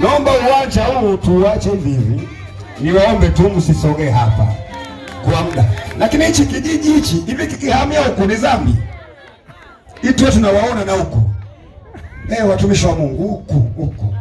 Naomba uwanja huu tuwache hivi hivi, niwaombe tu msisogee hapa kwa muda, lakini hichi kijiji hichi hivi kikihamia huku ni dhambi. Hii tuwe tunawaona na huku eh, watumishi wa Mungu huku huku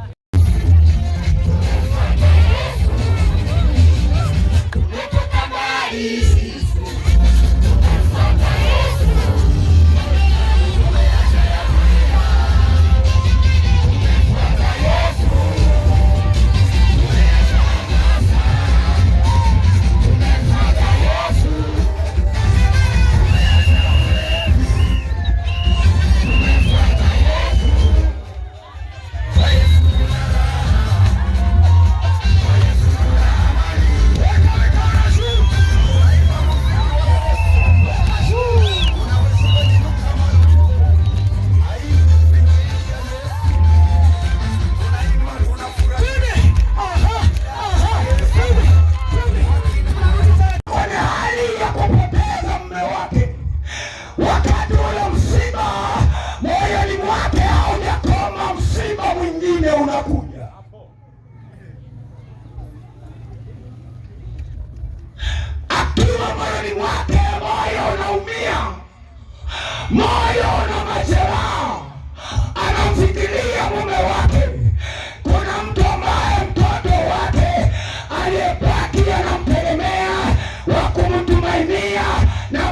wakati ule msiba moyoni mwake aone kama msiba mwingine unakuja.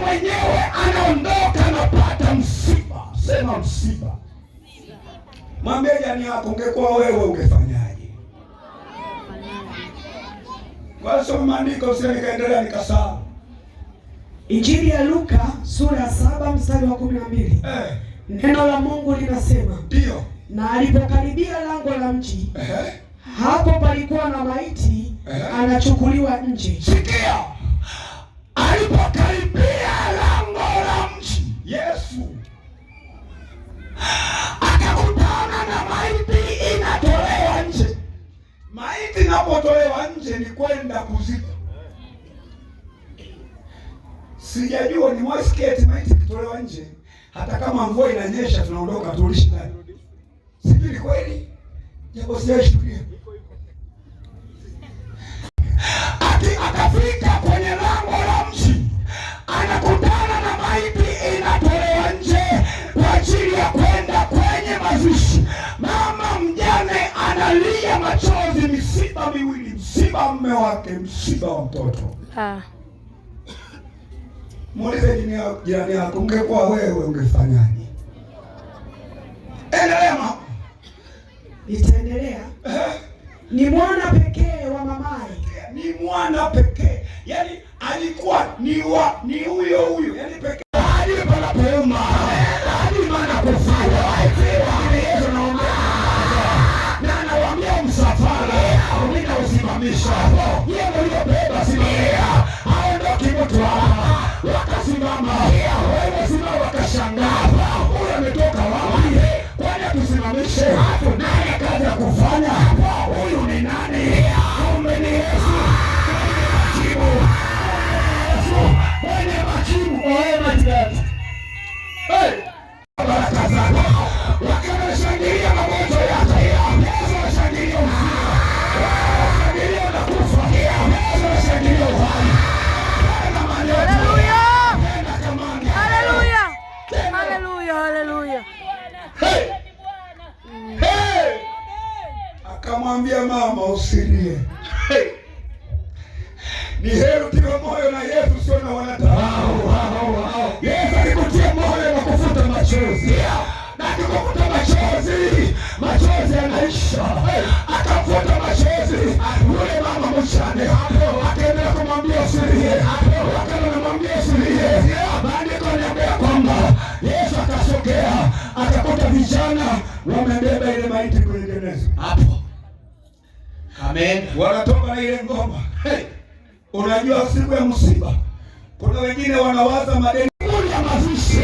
mwenyewe anaondoka anapata msiba. Sema msiba. Mwambie jirani yako, ungekuwa wewe ungefanyaje? Kwa Soma maandiko, sio nikaendelea nikasaa Injili ya Luka sura ya saba mstari wa kumi na mbili eh. Neno la Mungu linasema ndio, na alipokaribia lango la mji eh. Hapo palikuwa na maiti eh. Anachukuliwa nje. Sikia, alipokaribia zinapotolewa nje ni kwenda kuzika. Sijajua ni mwasketi maiti kitolewa nje, hata kama mvua inanyesha tunaondoka tulishi ndani, sijui ni kweli, japo sijashuhudia. Ati akafika kwenye lango la mji, anakutana na maiti inatolewa nje kwa ajili ya kwenda kwenye mazishi. Mama mjane analia machozi misiba miwili, msiba wa mume wake, msiba wa mtoto. Ah. Muulize jirani yako, ungekuwa wewe ungefanyaje? Endelea mama. Nitaendelea. Ni mwana pekee wa mamaye, ni mwana pekee, yaani alikuwa ni wa ni huyo huyo, yaani pekee hadi panapouma hadi mishale hiyo mliyobeba, simamia. Aondoki mtu hapa, wakasimama wamesimama, wakashangaa huyo ametoka wapi? Kwani atusimamishe? Tunaye kazi ya kufanya. Huyu ni nani? Kumbe ni Yesu mwenye majibu, mwenye majibu Ni heri utiwe moyo na Yesu, sio na wanadamu. Yesu alikutia moyo na kufuta machozi na alikufuta machozi, machozi yanaisha, akafuta machozi. Yule mama mchane akaendelea kumwambia usilie, akaendelea kumwambia usilie. Maandiko yanaambia kwamba Yesu akasogea, akakuta vijana wamebeba ile maiti kuingeneza hapo, amen, wanatoka na ile ngoma hey. Unajua siku ya msiba, kuna wengine wanawaza madeni ya mazishi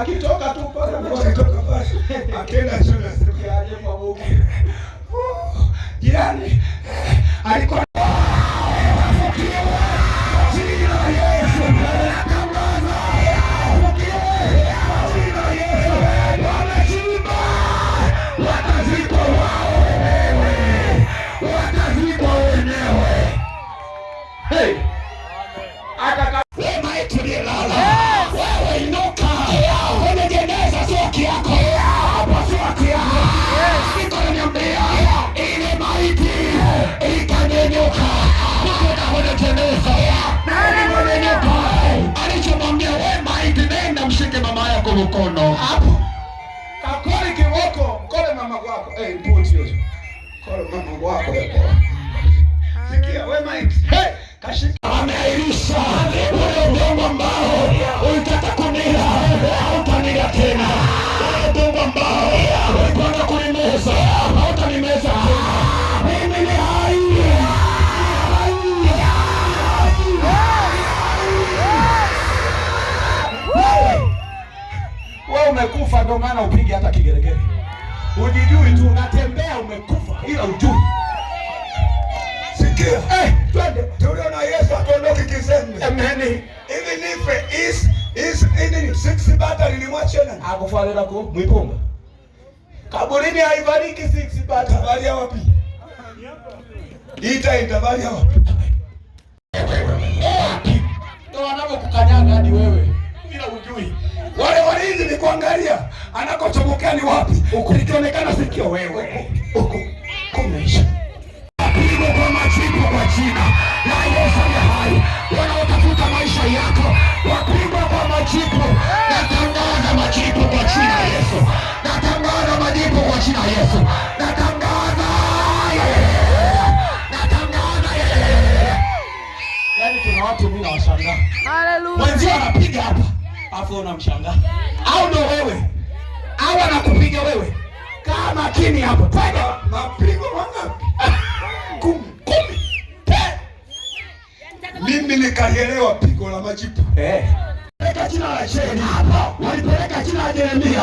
akitoka tu pale mko akitoka pale akaenda shule asikaje kwa Mungu. Jirani eh, alikuwa Hey! Ataka... Hey! mwenye Temesa nani mwenye nyoka, alichomwambia we maiti, nenda mshike mama yako mkono hapo, kakoli kiboko, kole mama kwako, eh mpunzi hizo, kole mama kwako hapo, sikia we maiti, hey kashika, ameairisha ule udongo ambao ulitaka ndio maana upige hata kigeregere. Unijui tu unatembea umekufa ila ujui. Sikia. Eh, twende. Tuliona Yesu atuondoke kisembe. Amen. Even if is is in six bata nilimwacha nani? Akufarera ku mwipunga. Kaburini haibariki six bata. Bali wapi? Ita itabali wapi? anakochomokea ni wapi? Likionekana sikio wewe huko kumeisha. Apigwe kwa majibu kwa jina la Yesu ya hai. Wanaotafuta maisha yako wapigwa kwa majibu. Natangaza majibu kwa jina la Yesu. Natangaza majibu kwa jina la Yesu. Natangaza yaani, watu mimi nawashangaa. Haleluya. Mwanzo anapiga hapa afu unamshangaa au ndo wewe? Bwana anakupiga wewe, kaa makini hapo. Twende mapigo mangapi? Kumi, kumi. Mimi nikalielewa pigo la majipu eh. Walipeleka jina la Sheni hapo, walipeleka jina la Jeremia,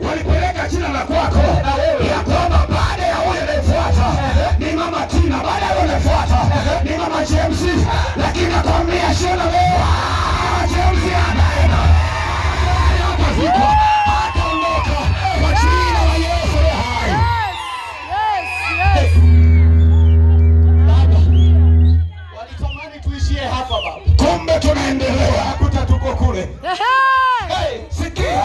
walipeleka jina la kwako na wewe ya kwamba baada ya huyo anayefuata eh. ni mama Tina, baada ya huyo anayefuata eh. ni mama James, lakini akwambia wewe bure. Hey, sikia,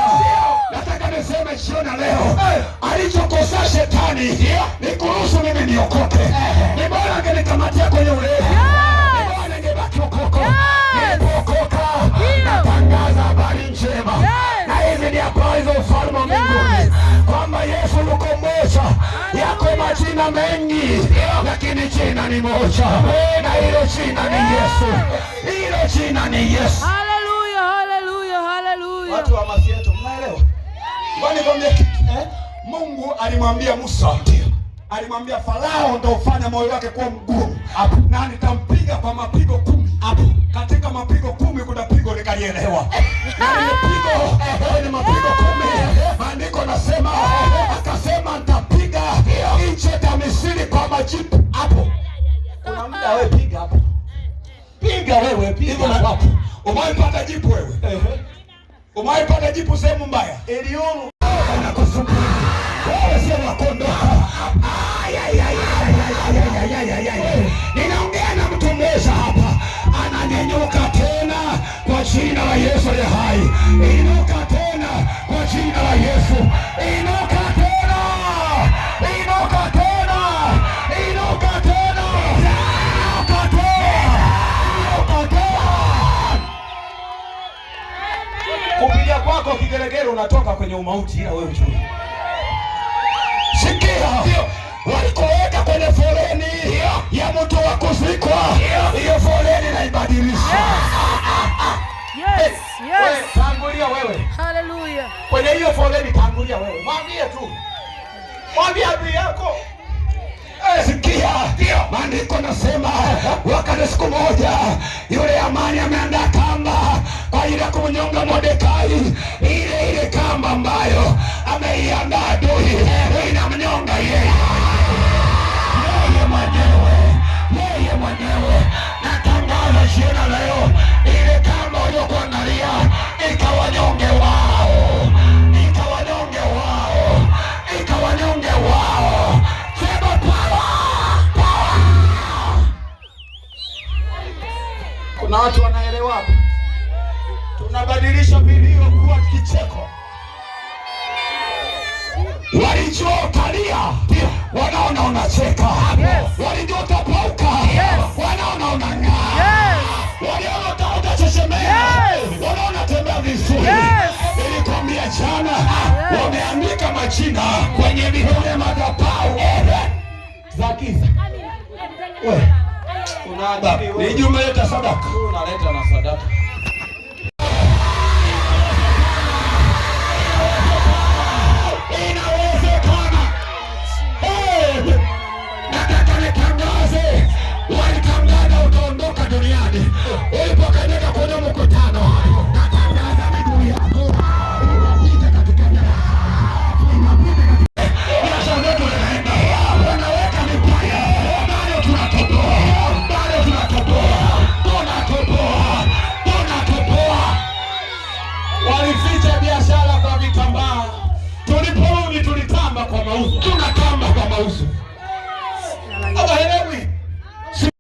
nataka niseme jioni leo, alichokosea shetani ni kuruhusu mimi niokoke. Ni bora angenikamatia kwenye ulevi, ni mengi, lakini jina ni moja, na hilo jina ni Yesu, hilo jina ni Yesu watu wa Mafieto, mnaelewa? Kwani kwambia kitu eh? Mungu alimwambia Musa, alimwambia Farao ndo ufanya moyo wake kuwa mgumu hapo, na nitampiga kwa mapigo kumi. hapo. Katika mapigo kumi kuna pigo likalielewa pigo eh, ni mapigo kumi. Maandiko nasema akasema, nitapiga nje ya Misri kwa majipu. Hapo kuna muda wewe piga hapo, piga wewe, piga hapo, umeipata jipu wewe Umeipata jipu sehemu mbaya, Elioro anakusumbua wewe, sio wakondoka. Ninaongea na mtu mmoja hapa, ananyenyuka tena kwa jina la Yesu aliye hai. Inuka. Israeli unatoka kwenye umauti, ila wewe uchui. Sikia, walikoweka kwenye foleni ya mtu wa kuzikwa, hiyo foleni naibadilisha. Yes, yes. Tangulia wewe. Hallelujah. Kwenye hiyo foleni tangulia wewe. Mwambie tu. Mwambie adui yako. Sikia, maandiko nasema wakati siku moja yule amani ameandaa kamba kwa ajili ya kumnyonga Kuna watu wanaelewa hapa, tunabadilisha vilio kuwa kicheko. Walichokalia wanaona unacheka, waliotapauka wanaona unang'aa, waliona utaota utachechemea wanaona tembea vizuri. Nilikwambia jana, wameandika majina kwenye vile madhabahu za giza ni juma leta sadaka, unaleta na sadaka